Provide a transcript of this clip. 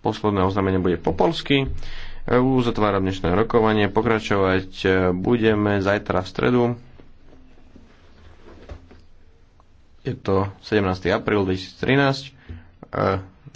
posledné oznámenie bude po polsky. E, zatvára dnešné rokovanie. Pokračovať e, budeme zajtra v stredu. Je to 17. apríl 2013.